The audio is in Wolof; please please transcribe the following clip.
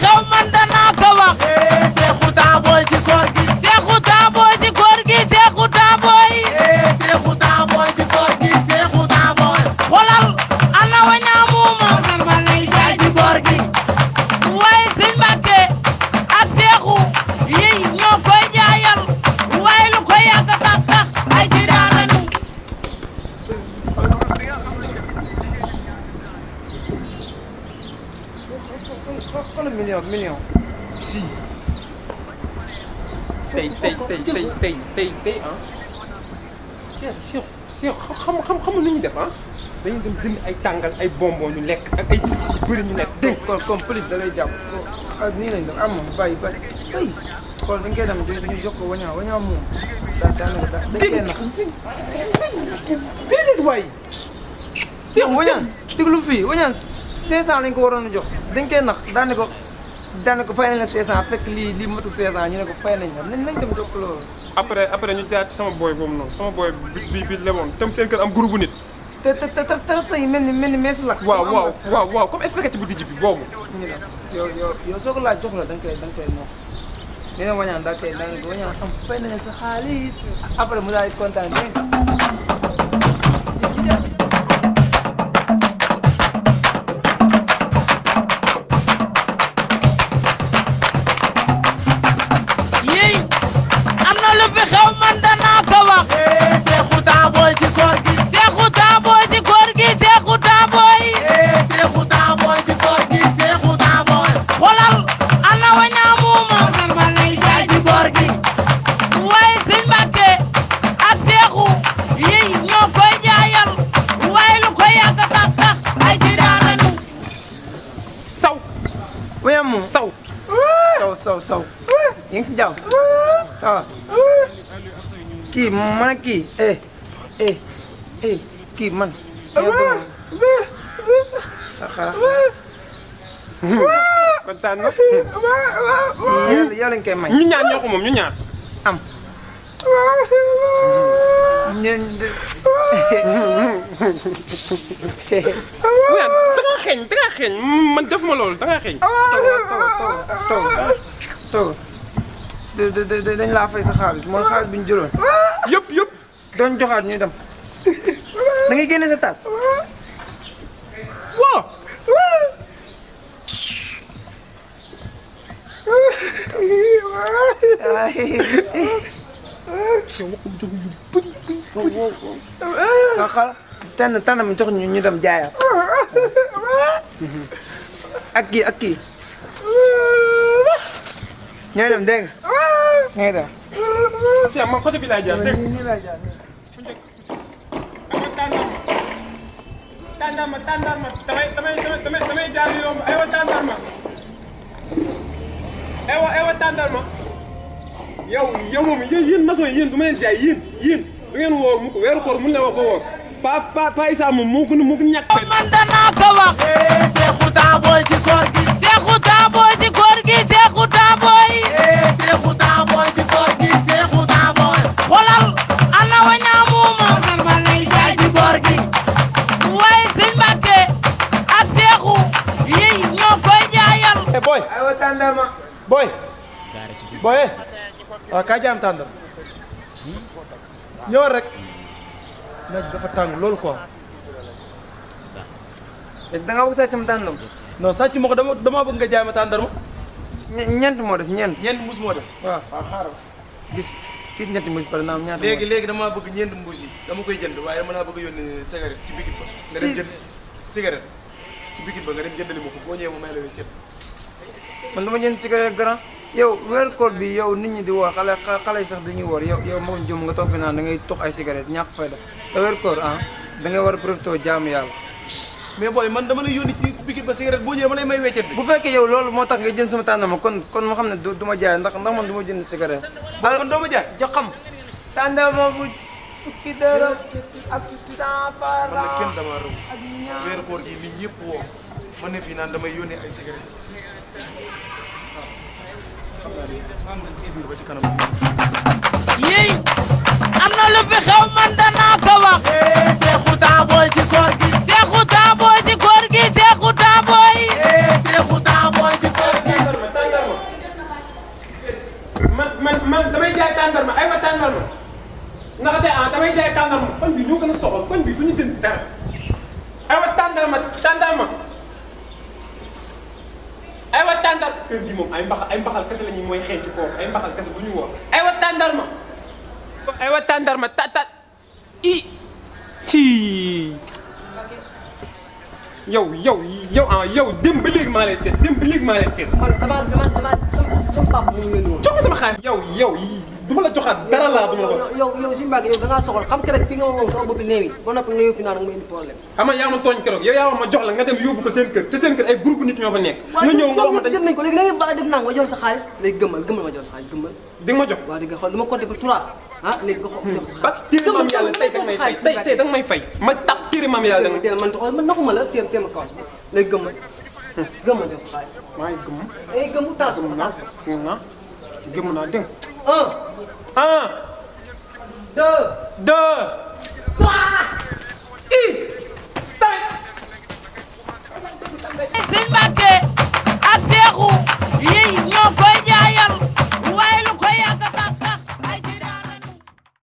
xaw ma million. si. tey tey tey tey tey tey tey ah. Cheikh Cheikh Cheikh xam xam xam nu ñuy def ah. dañuy dem jënd ay tàngal ay bonbon ñu lekk ak ay chips yu bëri ñu lekk dégg kon comme police da lay jàpp ah nii lañ def ah moom bàyyi bàyyi ay kon dañ koy dem ñu jox ko wañaa wañaa moom daa daanaka daa dañ koy nax déedéet waay wañaan déglu fii wañaan cinq cent lañ ko waroon a jox dañ koy nax daanaka daanaka fay nañ la 500 fekk lii lii matu 500 ñu ne ko fay nañ la nañ nañ dem jox loolu. après après ñu jaar ci sama booy boobu noonu sama booy bi bi bi lemoon tam seen kër am groupe bu nit. te te te te yi mel ni mel ni meesu lakk. waaw waaw waaw waaw comme expectative bu dijj bi boobu. ñu ne yow yow yow soo ko laaj jox la da nga koy da nga koy moom. li nga wañaan daa koy da nga wañaan am fay nañ la sa xaalis après mu daal di kontaan dégg nga xew man danaa ko eh, Seexu Taaboy ci koor gi. Seexu Taaboy ci koor gi Seexu Taaboy. Eh, Seexu Taaboy ci koor gi Seexu Taaboy. ma lay jaay ci koor gi. waaye sëñ Mbàkke Seexu yi ñoo koy jaayal waaye lu koy yàgg tax ay ci daanañu. saw. wéyamu saw. saw saw saw. yaa ngi si jàmm. kii man kii eh eh eh kii man. kontaan na. yàlla yàlla lañ koy may. ñu ñaar ñoo ko moom ñu ñaar am. ñooñu de. waaw dangaa xeeñ dangaa xeeñ man def ma loolu dangaa xeeñ. toog toog toog toog. dañ laa fay sa xaalis mooy xaalis bi ñu jëloon. yëpp doon joxaat ñuy dem. da ngay génne sa taat. waaw. waaw jox ñu ñu dem jaayaat. ak kii ak na ngay def. si man côté bi laay jaar dégg nga nii laay jaar bu njëkk. dama tàndarma tàndarma tàndarma damay damay damay jaar yomb aywa tàndarma aywa aywa tàndarma yow mu ko weeru koor mun la wax ko woor pa pa pa Issa moom moo gën a moo gën a booy. booyee. waaw ah, kaay jaam tàndar. ñëwal rek. naaj dafa tàng loolu quoi. da ngaa bëgg sàcc sama tàndarma. non sàcc ma ko dama dama bëgg nga jaay ma tàndarma. ñeent moo des ñeent. ñeent mbuus moo des. waaw waaw xaaral gis gis ñetti mbuus par exemple ñaata. léegi léegi damaa bëgg ñeent mbuus yi dama koy jënd waaye dama laa bëgg a yónni ci bikit ba. nga dem jënd cigarette ci bikit ba nga dem jëndali ma boo ñëwee ma may la yooyu ceeb. man dama jënd cigarette grand yow weer koor bi yow nit ñi di woor xale xale yi sax dañuy woor yow yow ma jëm nga toog fi naan da ngay tux ay cigarette ñàkk fayda te weer koor ah da ngay war a profité jaamu yàlla mais booy man dama lay yónni ci piquet ba cigarette boo ñëwee ma lay may weccet bi bu fekkee yow loolu moo tax nga jënd sama tàndama kon kon moo xam ne du ma jaay ndax ndax man du ma jënd cigarette kon doo ma jaay joxam tàndama bu fukki dërëm ak cent par an ak ñaar weer koor gi nit ñëpp woo ma ne fii naan damay yónnee ay secret xam naa ne maa ngi ci biir ba ci kanam. yéy am na lu fi xew man danaa ko wax. Eh, Seexu Taaboy ci koor gi. Seexu Taaboy ci koor gi Seexu Taaboy. Eh, Seexu Taaboy ci koor gi. man man man damay jaay tàndarma ay ma tàndarma ndax tey ah damay jaay tàndarma koñ bi ñoo gën a soxal koñ bi du ñu jënd dara ay ma tàndarma tàndarma. tàndal kër moom ay mbaxal ay mbaxal la ñuy mooy xeeñ ci koor ay bu ñu woor aywa tàndal ma yow yow yow ah yow démb ba maa lay seet démb ba léegi maa lay seet. man sama yow yow. ma la joxaat dara laa du ma la ko. yow yow suñu mbàgg yow da ngaa soxal xam keroog fi nga wax sama bopp néew yi ba noppi nga yow fi naan nga indi problème. ama yaa ma tooñ keroog yow yaa wax ma jox la nga dem yóbbu ko seen kër te seen kër ay groupe nit ñoo fa nekk. nga ñëw nga wax ma dañ jël nañ ko léegi léegi ba def naa nga jël sa xaalis léegi gëmmal gëmmal ma jël sa xaalis gëmmal. di nga ma jox waaw di nga xool dama compté ba trois ah léegi nga xool jël sa xaalis. gëmmal maam yàlla tey danga may fay tey tey danga may fay ma tap téere maam yàlla danga teel man taxaw man naxuma la téem téem a kawas léegi gëmmal gëmmal jël sa xaalis maa ngi gëmm ay eh, gëmmu taas ma taas ma gëmm naa dégg 1, 1, 2, 2, 3.